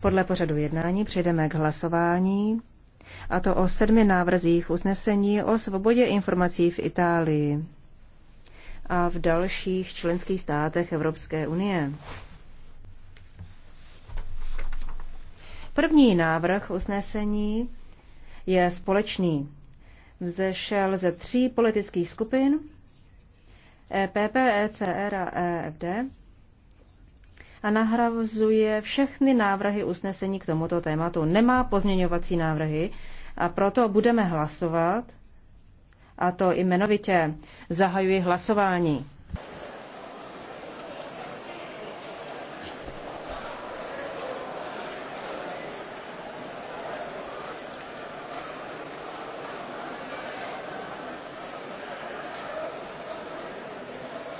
Podle pořadu jednání přejdeme k hlasování, a to o sedmi návrzích usnesení o svobodě informací v Itálii a v dalších členských státech Evropské unie. První návrh usnesení je společný. Vzešel ze tří politických skupin EPP, ECR a EFD a nahrazuje všechny návrhy usnesení k tomuto tématu. Nemá pozměňovací návrhy a proto budeme hlasovat a to jmenovitě zahajuji hlasování.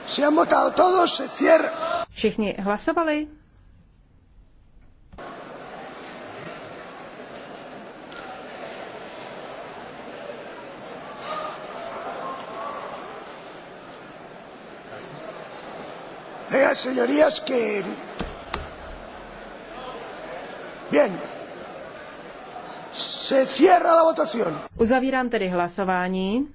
Si han votado todos, se cierra. Všichni hlasovali? Vean, señorías, que... Bien. Se cierra la votación. Uzavírám tedy hlasování.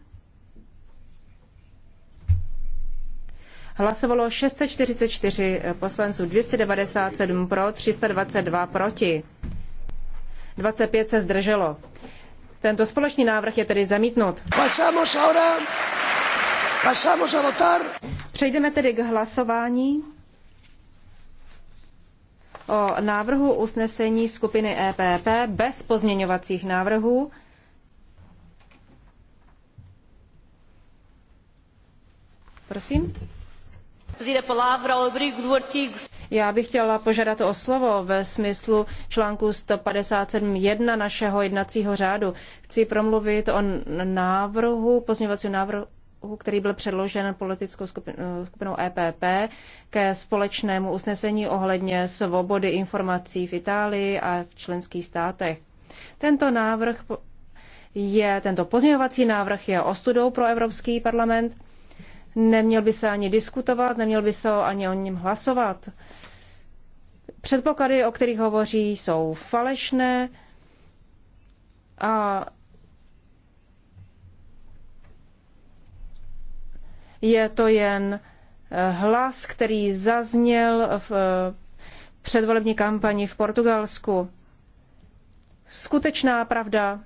Hlasovalo 644 poslanců, 297 pro, 322 proti. 25 se zdrželo. Tento společný návrh je tedy zamítnut. Pasamos ahora. Pasamos a votar. Přejdeme tedy k hlasování o návrhu usnesení skupiny EPP bez pozměňovacích návrhů. Prosím. Já bych chtěla požádat o slovo ve smyslu článku 157.1 našeho jednacího řádu. Chci promluvit o návrhu, pozměňovacího návrhu který byl předložen politickou skupinou EPP ke společnému usnesení ohledně svobody informací v Itálii a v členských státech. Tento návrh je, tento pozměňovací návrh je ostudou pro Evropský parlament neměl by se ani diskutovat, neměl by se ani o něm hlasovat. Předpoklady, o kterých hovoří, jsou falešné a je to jen eh, hlas, který zazněl v eh, předvolební kampani v Portugalsku. Skutečná pravda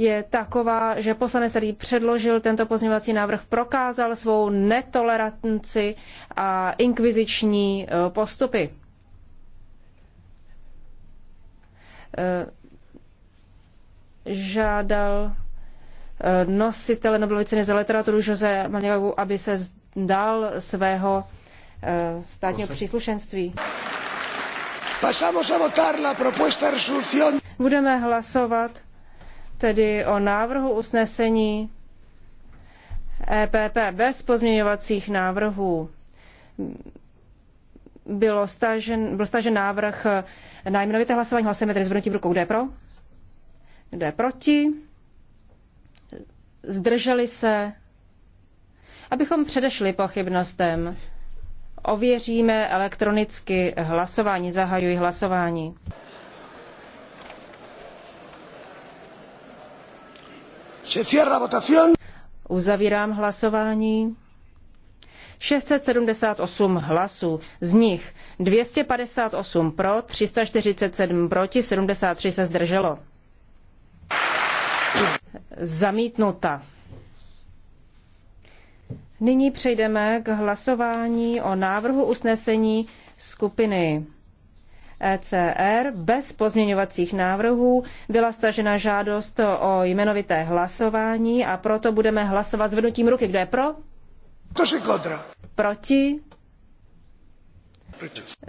je taková, že poslanec, který předložil tento pozměňovací návrh, prokázal svou netoleranci a inkviziční eh, postupy. Eh, žádal eh, nositele Nobelovy ceny za literaturu Jose Maniagu, aby se vzdal svého státního příslušenství. Budeme hlasovat tedy o návrhu usnesení EPP bez pozměňovacích návrhů. Bylo stažen, byl stažen návrh na jmenovité hlasování. Hlasujeme tedy zvrnutím rukou. je pro? je proti? Zdrželi se? Abychom předešli pochybnostem, ověříme elektronicky hlasování. Zahajuji hlasování. Uzavírám hlasování. 678 hlasů, z nich 258 pro, 347 proti, 73 se zdrželo. Zamítnuta. Nyní přejdeme k hlasování o návrhu usnesení skupiny ECR bez pozměňovacích návrhů. Byla stažena žádost o jmenovité hlasování a proto budeme hlasovat zvednutím ruky. Kdo je pro? To je kontra. Proti?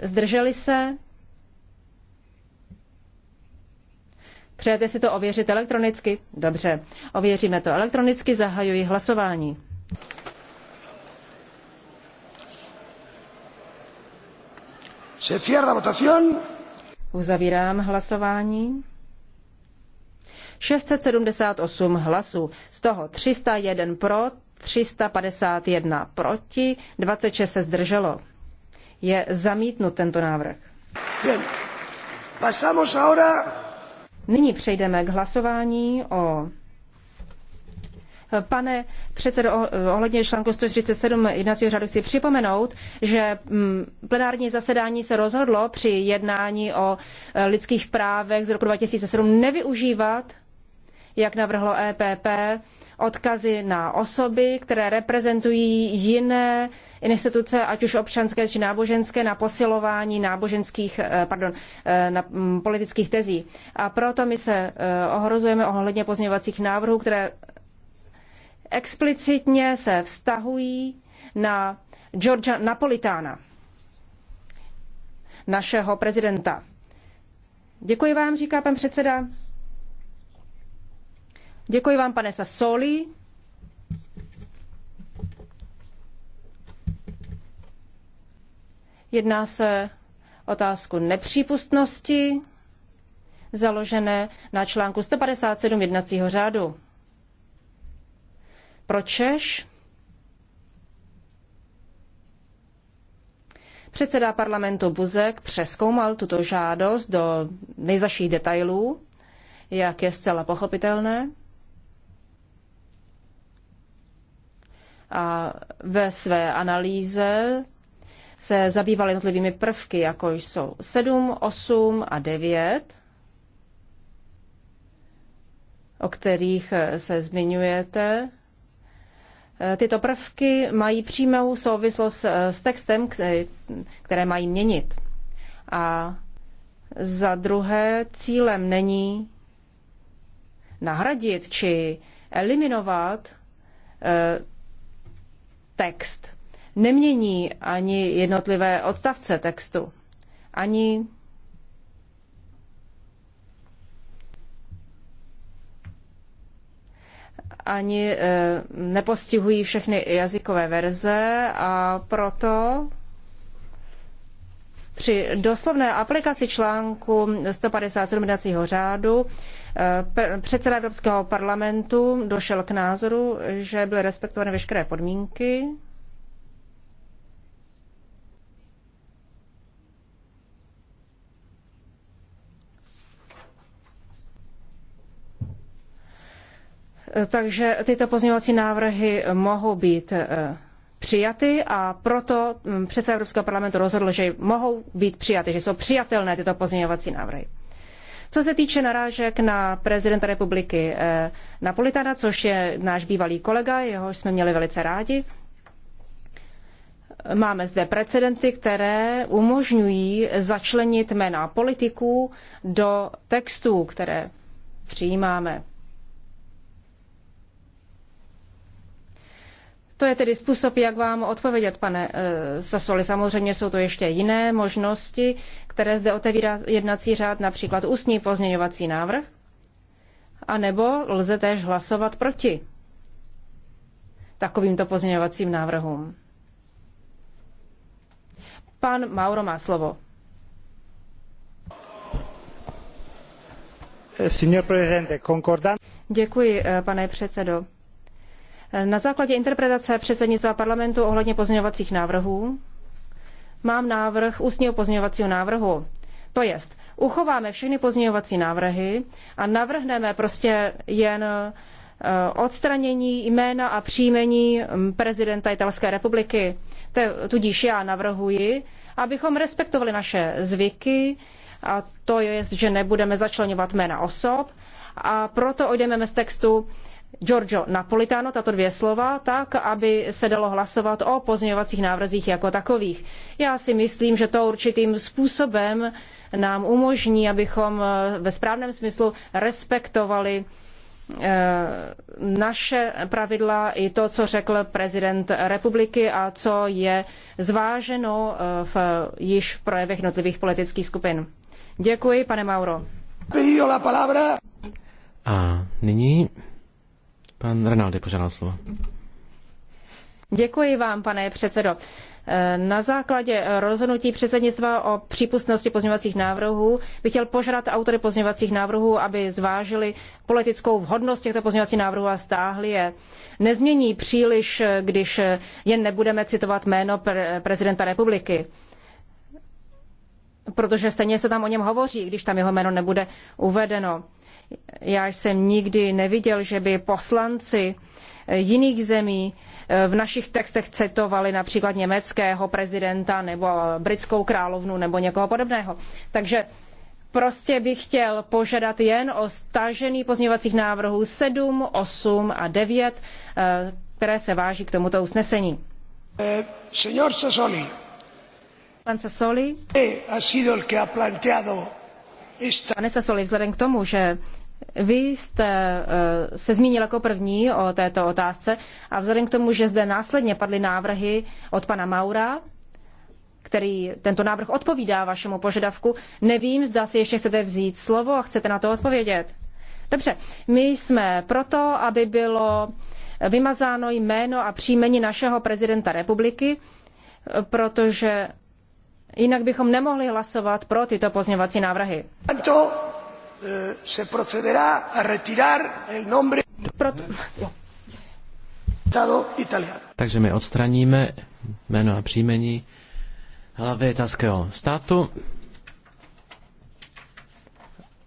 Zdrželi se? Přejete si to ověřit elektronicky? Dobře, ověříme to elektronicky, zahajuji hlasování. Se cierra votación. Uzavírám hlasování. 678 hlasů, z toho 301 pro, 351 proti, 26 se zdrželo. Je zamítnut tento návrh. Bien. Pasamos ahora... Nyní přejdeme k hlasování o Pane předsedo, ohledně článku 147 jednacího řádu chci připomenout, že mm, plenární zasedání se rozhodlo při jednání o e, lidských právech z roku 2007 nevyužívat, jak navrhlo EPP, odkazy na osoby, které reprezentují jiné instituce, ať už občanské či náboženské, na posilování náboženských, e, pardon, e, na mm, politických tezí. A proto my se ohrozujeme ohledně pozměňovacích návrhů, které explicitně se vztahují na Georgia Napolitána, našeho prezidenta. Děkuji vám, říká pan předseda. Děkuji vám, pane Sassoli. Jedná se otázku nepřípustnosti založené na článku 157 jednacího řádu. Pro Češ Předseda parlamentu Buzek přeskoumal tuto žádost do nejzaších detailů, jak je zcela pochopitelné. A ve své analýze se zabýval jednotlivými prvky, jako jsou 7, 8 a 9, o kterých se zmiňujete Eh, tyto prvky mají přímou souvislost eh, s textem, které mají měnit. A za druhé, cílem není nahradit či eliminovat eh, text. Nemění ani jednotlivé odstavce textu, ani ani eh, nepostihují všechny jazykové verze a proto při doslovné aplikaci článku 157 jednacího řádu eh, předseda Evropského parlamentu došel k názoru, že byly respektovány veškeré podmínky Takže tyto pozměňovací návrhy mohou být eh, přijaty a proto hm, předseda Evropského parlamentu rozhodl, že mohou být přijaty, že jsou přijatelné tyto pozměňovací návrhy. Co se týče narážek na prezidenta republiky eh, Napolitana, což je náš bývalý kolega, jehož jsme měli velice rádi, Máme zde precedenty, které umožňují začlenit jména politiků do textů, které přijímáme. To je tedy způsob, jak vám odpovědět, pane eh, Sasoli. Samozřejmě jsou to ještě jiné možnosti, které zde otevírá jednací řád, například ústní pozměňovací návrh, anebo lze též hlasovat proti takovýmto pozměňovacím návrhům. Pan Mauro má slovo. Eh, Děkuji, eh, pane předsedo na základě interpretace předsednictva parlamentu ohledně pozměňovacích návrhů mám návrh ústního pozměňovacího návrhu. To jest, uchováme všechny pozměňovací návrhy a navrhneme prostě jen eh, odstranění jména a příjmení hm, prezidenta Italské republiky. Tudíž já navrhuji, abychom respektovali naše zvyky, a to je, že nebudeme začlenovat jména osob, a proto odejdeme z textu Giorgio Napolitano tato dvě slova tak, aby se dalo hlasovat o pozměňovacích návrzích jako takových. Já si myslím, že to určitým způsobem nám umožní, abychom eh, ve správném smyslu respektovali eh, naše pravidla i to, co řekl prezident republiky a co je zváženo eh, v, již v projevech jednotlivých politických skupin. Děkuji, pane Mauro. A nyní Pan Renaldi požádal slovo. Děkuji vám, pane předsedo. Eh, na základě rozhodnutí předsednictva o přípustnosti pozměňovacích návrhů bych chtěl požádat autory pozměňovacích návrhů, aby zvážili politickou vhodnost těchto pozměňovacích návrhů a stáhli je. Nezmění příliš, když jen nebudeme citovat jméno pre prezidenta republiky protože stejně se tam o něm hovoří, když tam jeho jméno nebude uvedeno. Já jsem nikdy neviděl, že by poslanci eh, jiných zemí eh, v našich textech citovali například německého prezidenta nebo britskou královnu nebo někoho podobného. Takže prostě bych chtěl požadat jen o stažený pozměňovacích návrhů 7, 8 a 9, eh, které se váží k tomuto usnesení. señor Sassoli. Pan Sassoli. Pane Sassoli, vzhledem k tomu, že vy jste eh, se zmínil jako první o této otázce a vzhledem k tomu, že zde následně padly návrhy od pana Maura, který tento návrh odpovídá vašemu požadavku, nevím, zda si ještě chcete vzít slovo a chcete na to odpovědět. Dobře, my jsme proto, aby bylo vymazáno jméno a příjmení našeho prezidenta republiky, protože jinak bychom nemohli hlasovat pro tyto pozněvací návrhy. A to Eh, se procederá a retirar el nombre Estado italiano. Takže my odstraníme jméno a příjmení hlavy italského státu.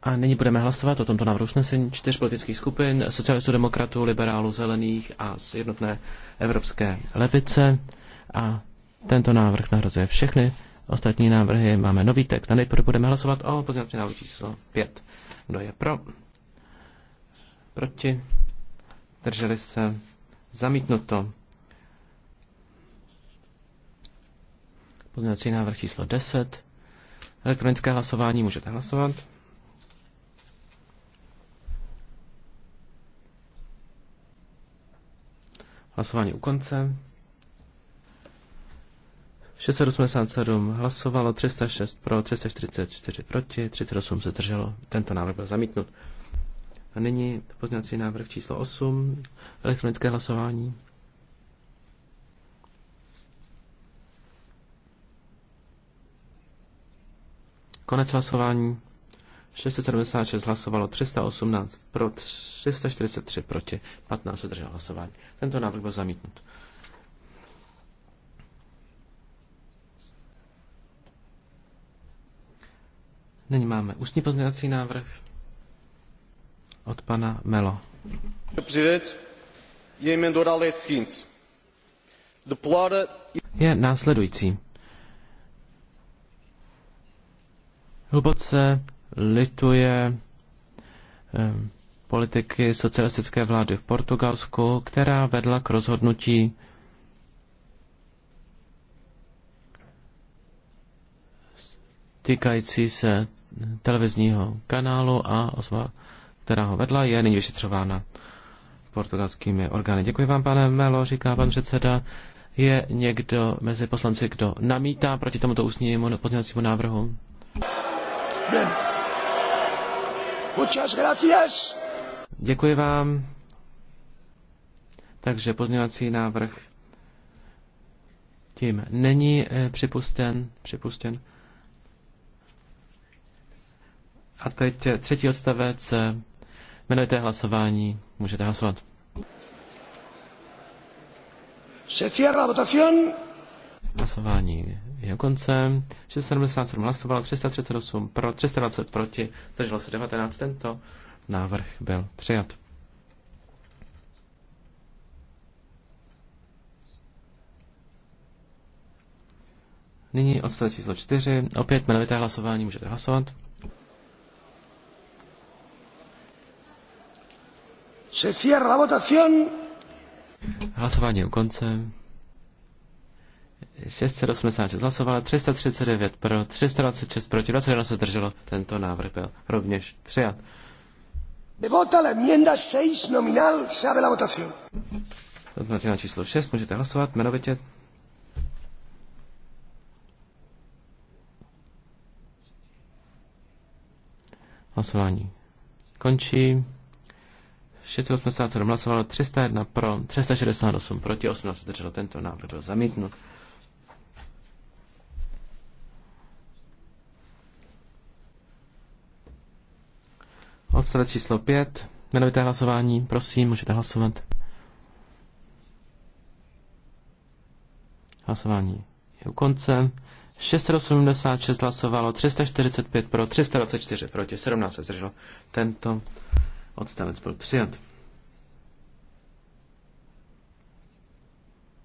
A nyní budeme hlasovat o tomto návrhu usnesení čtyř politických skupin, socialistů, demokratů, liberálů, zelených a z jednotné evropské levice. A tento návrh nahrazuje všechny ostatní návrhy. Máme nový text a nejprve budeme hlasovat o pozměňovacím návrhu číslo 5. Kdo je pro? Proti? Drželi se? Zamítnuto. Pozměňovací návrh číslo 10. Elektronické hlasování můžete hlasovat. Hlasování u konce. 687 hlasovalo, 306 pro, 344 proti, 38 se drželo. Tento návrh byl zamítnut. A nyní pozměňovací návrh číslo 8, elektronické hlasování. Konec hlasování. 676 hlasovalo, 318 pro, 343 proti, 15 se drželo hlasování. Tento návrh byl zamítnut. Nyní máme ústní pozměňovací návrh od pana Melo. Je následující. Hluboce lituje ehm, politiky socialistické vlády v Portugalsku, která vedla k rozhodnutí týkající se televizního kanálu a osoba, která ho vedla, je nyní vyšetřována portugalskými orgány. Děkuji vám, pane Melo, říká pan předseda. Je někdo mezi poslanci, kdo namítá proti tomuto ústnímu pozměňovacímu návrhu? Bien. Muchas gracias. Děkuji vám. Takže pozměňovací návrh tím není eh, připusten. připusten. A teď třetí odstavec. jmenujte hlasování. Můžete hlasovat. Se Hlasování je u konce. 677 hlasovalo, 338 pro, 320 proti, zdrželo se 19. Tento návrh byl přijat. Nyní odstavec číslo 4. Opět jmenovité hlasování můžete hlasovat. Se cierra la votación. Hlasování je u konce. 686 hlasovalo, 339 pro, 326 proti, 21 se zdrželo. Tento návrh byl rovněž přijat. Vota la enmienda 6 nominal, se abre la votación. číslo 6, můžete hlasovat jmenovitě. Hlasování končí. 687 hlasovalo, 301 pro, 368 proti, 18 zdrželo. Tento návrh byl zamítnut. Odstavec číslo 5. Jmenovité hlasování. Prosím, můžete hlasovat. Hlasování je u konce. 686 hlasovalo, 345 pro, 324 proti, 17 zdrželo. Tento Odstavec byl přijat.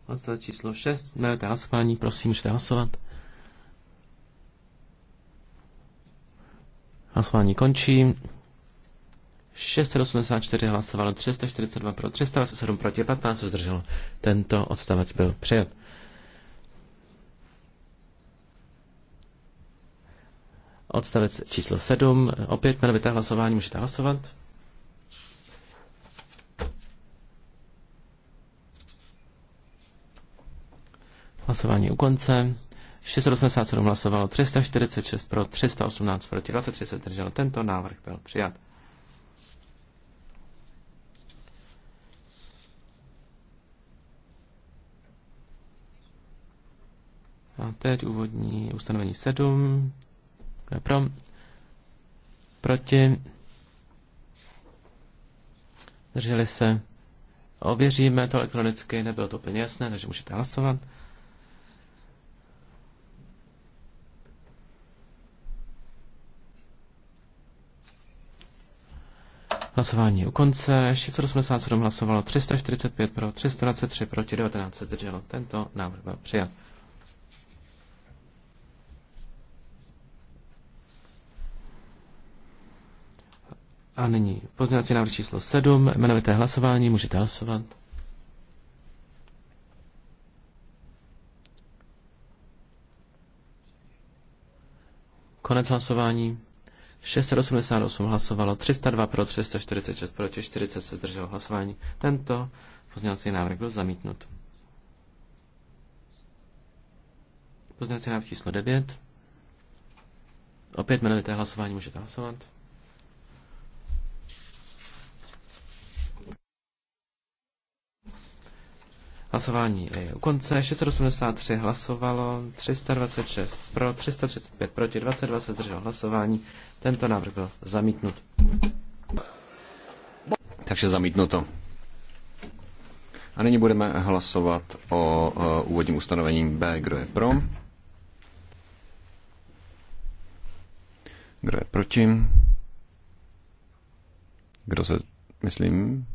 Odstavec číslo 6. Jmenujete hlasování, prosím, můžete hlasovat. Hlasování končí. 684 hlasovalo, 342 pro, 327 proti, 15 zdrželo. Tento odstavec byl přijat. Odstavec číslo 7. Opět jmenovité hlasování můžete hlasovat. Hlasování u konce. 687 hlasovalo, 346 pro, 318 proti, 23 se držel. Tento návrh byl přijat. A teď úvodní ustanovení 7. Kdo je pro? Proti? Drželi se. Ověříme to elektronicky, nebylo to úplně jasné, takže můžete hlasovat. Hlasování u konce. 687 hlasovalo 345 pro, 323 proti, 19 drželo. Tento návrh byl přijat. A nyní pozměňovací návrh číslo 7, jmenovité hlasování, můžete hlasovat. Konec hlasování. 688 hlasovalo, 302 pro, 346 proti, 40 se zdrželo hlasování. Tento pozměňovací návrh byl zamítnut. Pozměňovací návrh číslo 9. Opět jmenovité hlasování můžete hlasovat. Hlasování je u konce. 683 hlasovalo, 326 pro, 335 proti, 22 se zdrželo hlasování. Tento návrh byl zamítnut. Takže zamítnuto. A nyní budeme hlasovat o, o úvodním ustanovení B. Kdo je pro? Kdo je proti? Kdo se, myslím,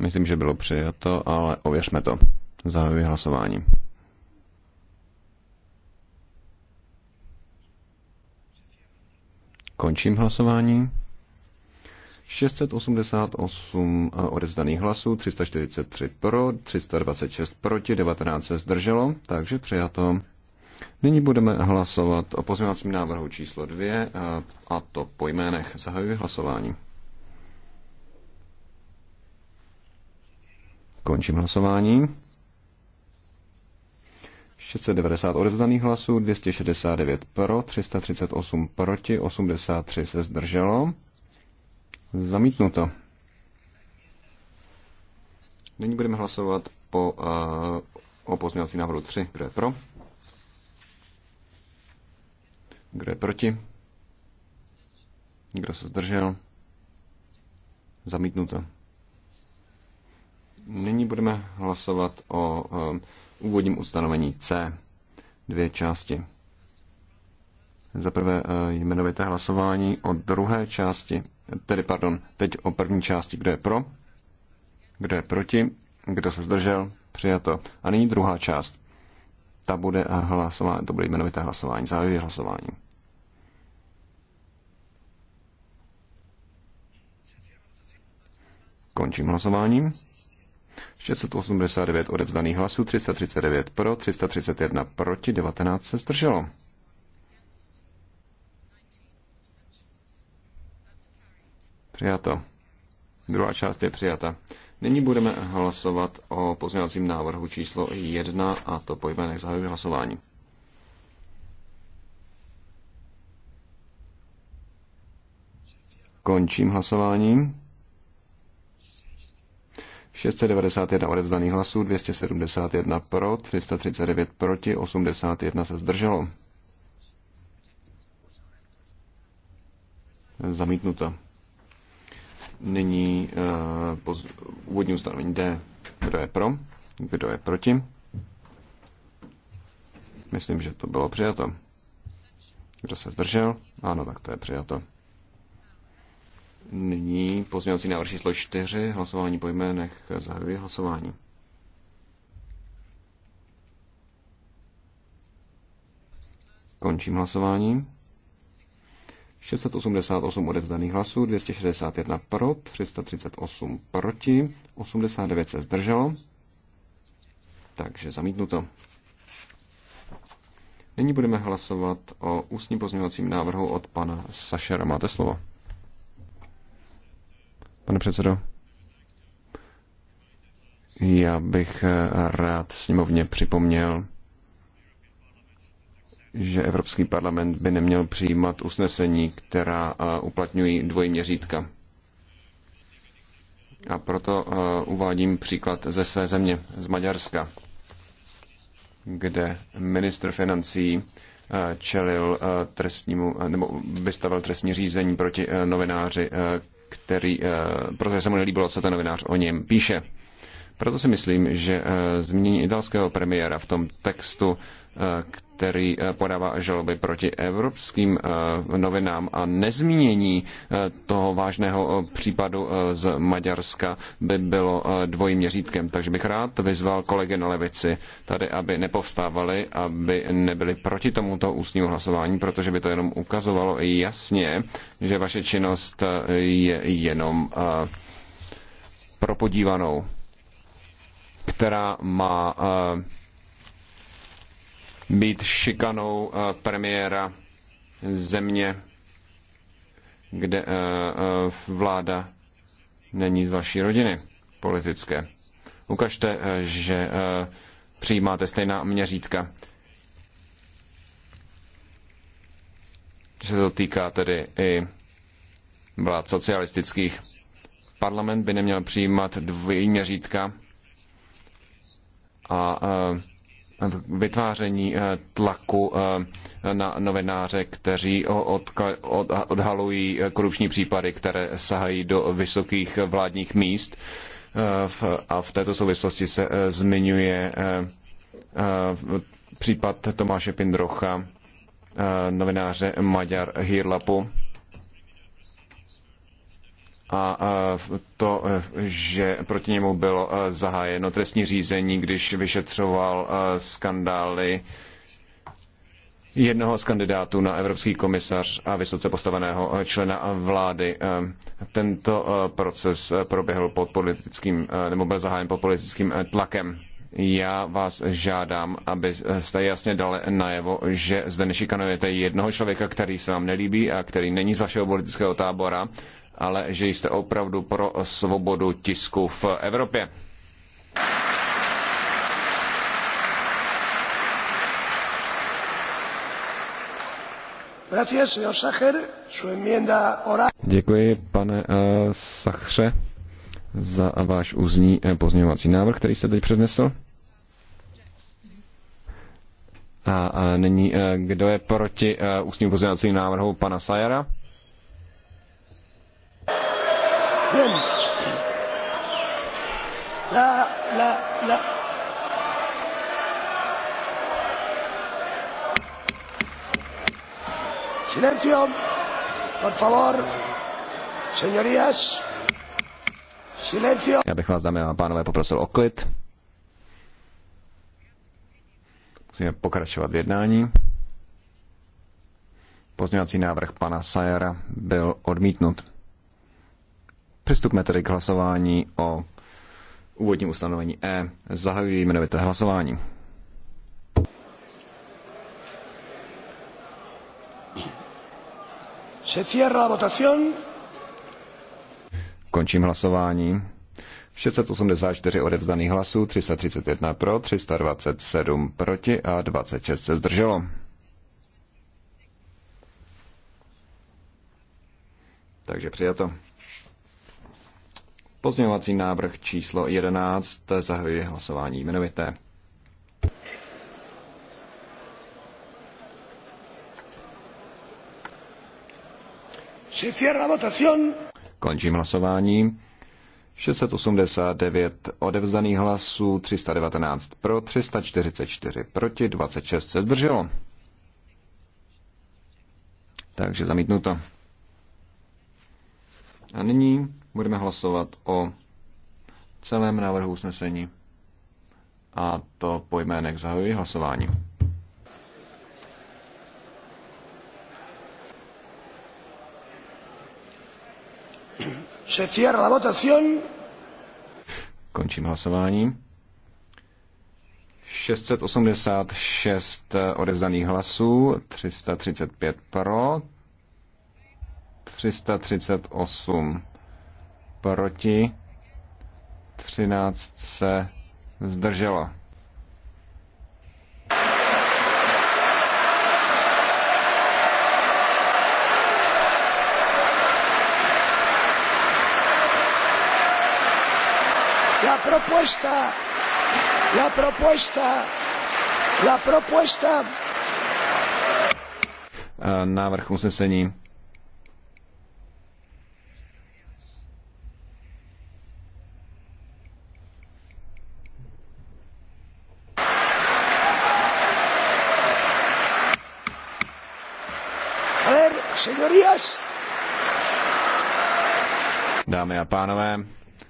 Myslím, že bylo přijato, ale ověřme to. Zahajuji hlasování. Končím hlasování. 688 eh, odevzdaných hlasů, 343 pro, 326 proti, 19 se zdrželo, takže přijato. Nyní budeme hlasovat o pozměňovacím návrhu číslo 2 eh, a to po jménech. Zahajuji hlasování. Končím hlasování. 690 odevzdaných hlasů, 269 pro, 338 proti, 83 se zdrželo. Zamítnuto. Nyní budeme hlasovat po, uh, o pozměňovací návrhu 3. Kdo je pro? Kdo je proti? Kdo se zdržel? Zamítnuto. Nyní budeme hlasovat o úvodním ustanovení C. Dvě části. Za prvé e, jmenovité hlasování o druhé části, tedy pardon, teď o první části, kdo je pro, kdo je proti, kdo se zdržel, přijato. A nyní druhá část. Ta bude hlasování, to bude jmenovité hlasování, závěr hlasování. Končím hlasováním. 689 odevzdaných hlasů, 339 pro, 331 proti, 19 se zdrželo. Přijato. Druhá část je přijata. Nyní budeme hlasovat o pozměňovacím návrhu číslo 1 a to po jménech zahajuji hlasování. Končím hlasováním. 691 odevzdaných hlasů, 271 pro, 339 proti, 81 se zdrželo. Zamítnuto. Nyní uh, poz, úvodní ustanovení D. Kdo je pro? Kdo je proti? Myslím, že to bylo přijato. Kdo se zdržel? Ano, tak to je přijato. Nyní pozměňovací návrh číslo 4, hlasování po jménech, zahajuji hlasování. Končím hlasování. 688 odevzdaných hlasů, 261 pro, 338 proti, 89 se zdrželo, takže zamítnuto. Nyní budeme hlasovat o ústním pozměňovacím návrhu od pana Sašera. Máte slovo pane předsedo. Já bych rád sněmovně připomněl, že Evropský parlament by neměl přijímat usnesení, která eh, uplatňují dvojí měřítka. A proto eh, uvádím příklad ze své země, z Maďarska, kde ministr financí eh, čelil trestnímu, nebo vystavil trestní řízení proti novináři, který, eh, protože se mu nelíbilo, co ten novinář o něm píše. Proto si myslím, že eh, zmínění italského premiéra v tom textu, eh, který eh, podává žaloby proti evropským novinám a nezmínění toho vážného případu z Maďarska by bylo dvojím měřítkem. Takže bych rád vyzval kolegy na levici tady, aby nepovstávali, aby nebyli proti tomuto ústnímu hlasování, protože by to jenom ukazovalo jasně, že vaše činnost je jenom propodívanou která má eh, být šikanou eh, premiéra země, kde eh, vláda není z vaší rodiny politické. Ukažte, že přijímáte stejná měřítka. Že se to týká tedy i vlád socialistických. Parlament by neměl přijímat dvojí měřítka, a eh, vytváření eh, tlaku eh, na novináře, kteří odhalují korupční případy, které sahají do vysokých vládních míst. A v této souvislosti se zmiňuje případ Tomáše Pindrocha, novináře Maďar Hirlapu a to, e, že proti němu bylo e, zahájeno trestní řízení, když vyšetřoval e, skandály jednoho z kandidátů na evropský komisař a vysoce postaveného člena vlády. Tento proces proběhl pod politickým, nebo byl zahájen pod politickým tlakem. Já vás žádám, abyste jasně dali najevo, že zde nešikanujete jednoho člověka, který se vám nelíbí a který není z vašeho politického tábora, ale že jste opravdu pro svobodu tisku v Evropě. Děkuji, pane uh, Sachře, za váš úzní eh, pozměňovací návrh, který jste teď přednesl. A, a eh, nyní, kdo je proti ústnímu pozměňovacímu návrhu pana Sajara? Bien. لا لا la. Silencio, por favor. Señorías. Silencio. Já bych vás, dámy a pánové, poprosil o klid. Musíme pokračovat v jednání. Pozměňovací návrh pana Sajera byl odmítnut. Přistupme tedy k hlasování o úvodním ustanovení E. Zahajuji jmenovité hlasování. Se cierra votación. Končím hlasování. 684 odevzdaných hlasů, 331 pro, 327 proti a 26 se zdrželo. Takže přijato. Pozměňovací návrh číslo 11 zahajuje hlasování jmenovité. Se cierra votación. Končím hlasování. 689 odevzdaných hlasů, 319 pro, 344 proti, 26 se zdrželo. Takže zamítnuto. A nyní budeme hlasovat o celém návrhu usnesení. A to po jménech zahajuji hlasování. Se cierra la votación. Končím hlasování. 686 odezdaných hlasů, 335 pro, 338 proti, 13 se zdrželo. La propuesta, la propuesta, la propuesta. Eh, návrh usnesení pánové,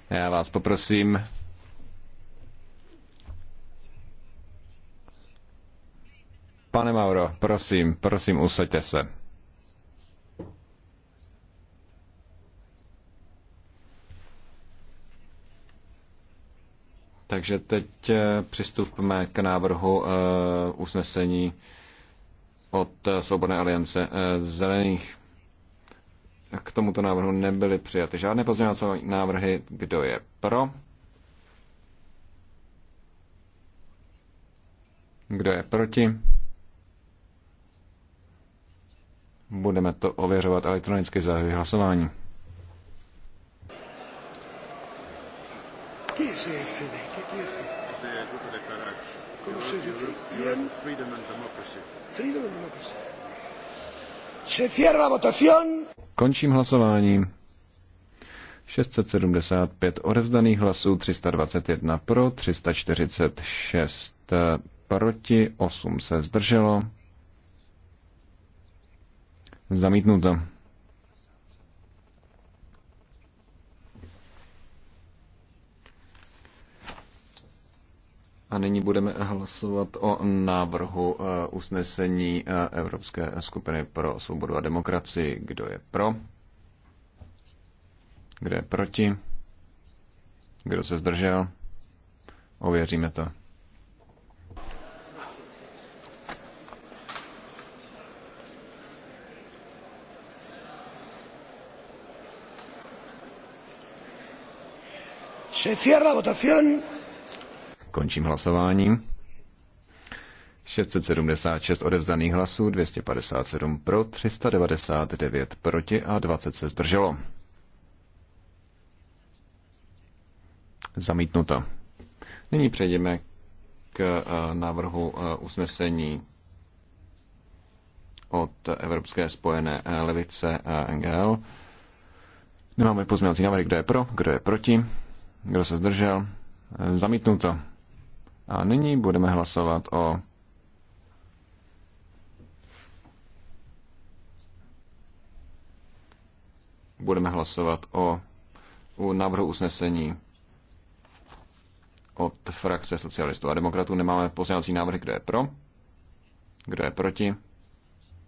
já vás poprosím, Pane Mauro, prosím, prosím, usaďte se. Takže teď eh, přistupme k návrhu eh, usnesení od eh, Svobodné aliance zelených k tomuto návrhu nebyly přijaty žádné pozměňovací návrhy. Kdo je pro? Kdo je proti? Budeme to ověřovat elektronicky za hlasování. E? E? Jako freedom and Democracy. Freedom and Democracy. Končím hlasování. 675 odevzdaných hlasů, 321 pro, 346 eh, proti, 8 se zdrželo. Zamítnuto. A nyní budeme hlasovat o návrhu eh, usnesení eh, Evropské skupiny pro svobodu a demokracii. Kdo je pro? Kdo je proti? Kdo se zdržel? Ověříme to. Se cierra votación. Končím hlasování. 676 odevzdaných hlasů, 257 pro, 399 proti a 20 se zdrželo. Zamítnuto. Nyní přejdeme k eh, návrhu eh, usnesení od Evropské spojené eh, levice NGL. Nemáme pozměňovací návrh, kdo je pro, kdo je proti, kdo se zdržel. Zamítnuto. A nyní budeme hlasovat o budeme hlasovat o, u návrhu usnesení od frakce socialistů a demokratů. Nemáme pozdělací návrh, kdo je pro, kdo je proti,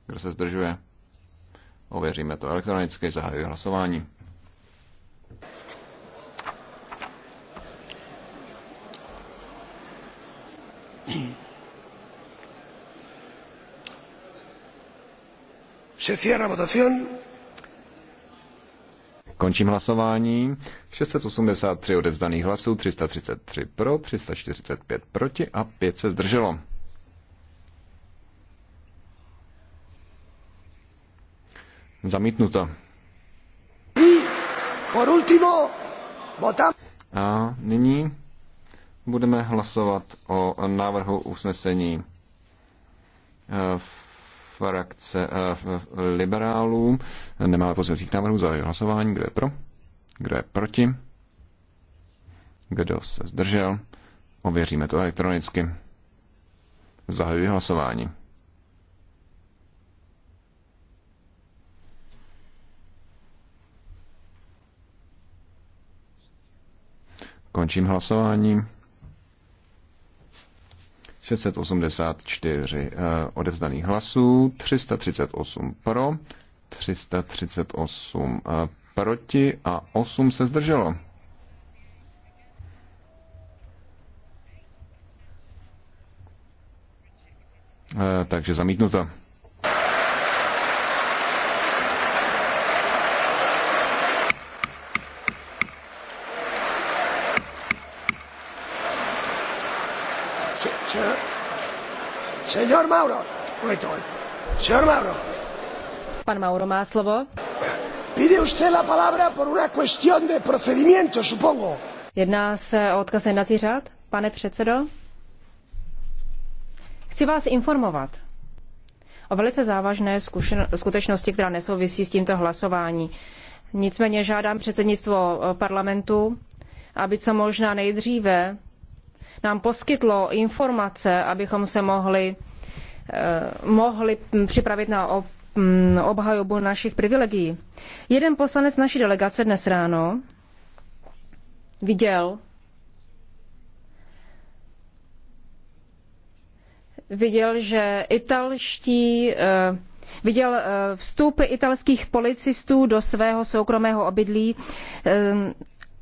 kdo se zdržuje. Ověříme to elektronicky, zahajuji hlasování. Se cierra votación. Končím hlasování. 683 odevzdaných hlasů, 333 pro, 345 proti a 5 se zdrželo. Zamítnuto. Por último, votam. A nyní budeme hlasovat o návrhu usnesení eh, frakce eh, liberálů. Nemáme pozměcích návrhů za hlasování. Kdo je pro? Kdo je proti? Kdo se zdržel? Ověříme to elektronicky. Zahajuji hlasování. Končím hlasování. 684 eh, odevzdaných hlasů, 338 pro, 338 eh, proti a 8 se zdrželo. Eh, takže zamítnuto. Señor Mauro. Momento. Señor Mauro. Pan Mauro má slovo. Pide usted la palabra por una cuestión de procedimiento, supongo. Jedná se o odkaz jednací řád, pane předsedo? Chci vás informovat o velice závažné skutečnosti, která nesouvisí s tímto hlasování. Nicméně žádám předsednictvo eh, parlamentu, aby co možná nejdříve nám poskytlo informace, abychom se mohli, eh, mohli připravit na mm, obhajobu našich privilegií. Jeden poslanec naší delegace dnes ráno viděl, viděl, že italští eh, viděl eh, vstupy italských policistů do svého soukromého obydlí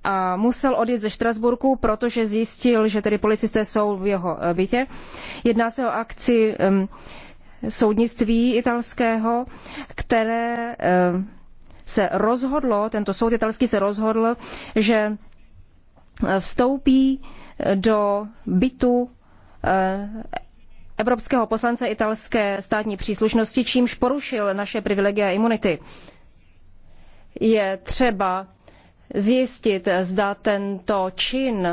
a musel odjet ze Štrasburku, protože zjistil, že tedy policisté jsou v jeho eh, bytě. Jedná se o akci um, soudnictví italského, které um, se rozhodlo, tento soud italský se rozhodl, že eh, vstoupí eh, do bytu evropského poslance italské státní příslušnosti, čímž porušil naše privilegia a imunity. Je třeba zjistit, zda tento čin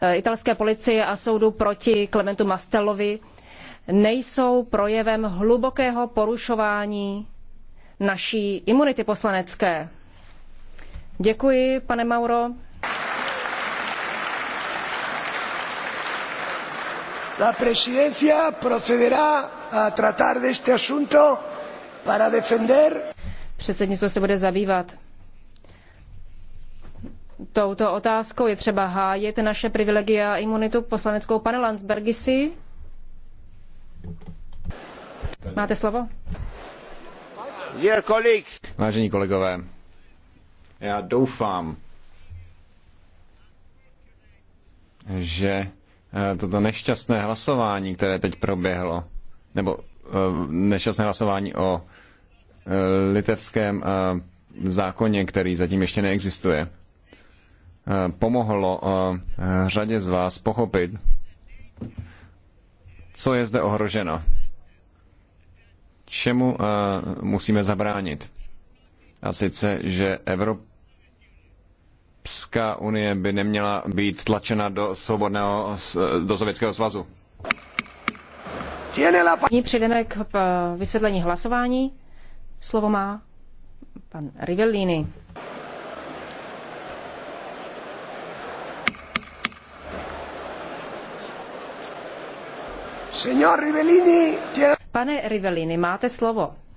eh, italské policie a soudu proti Klementu Mastellovi nejsou projevem hlubokého porušování naší imunity poslanecké. Děkuji, pane Mauro. La presidencia procederá a tratar de este asunto para defender. Předsednictvo se bude zabývat touto otázkou. Je třeba hájit naše privilegia a imunitu poslaneckou. Pane Landsbergisi, máte slovo. Vážení kolegové, já doufám, že eh, toto nešťastné hlasování, které teď proběhlo, nebo eh, nešťastné hlasování o eh, litevském zákoně, který zatím ještě neexistuje, Eh, pomohlo eh, řadě z vás pochopit, co je zde ohroženo, čemu eh, musíme zabránit. A sice, že Evropská unie by neměla být tlačena do, svobodného, do Sovětského svazu. Nyní přejdeme k vysvětlení hlasování. Slovo má pan Rivellini. Pane Rivellini, máte slovo.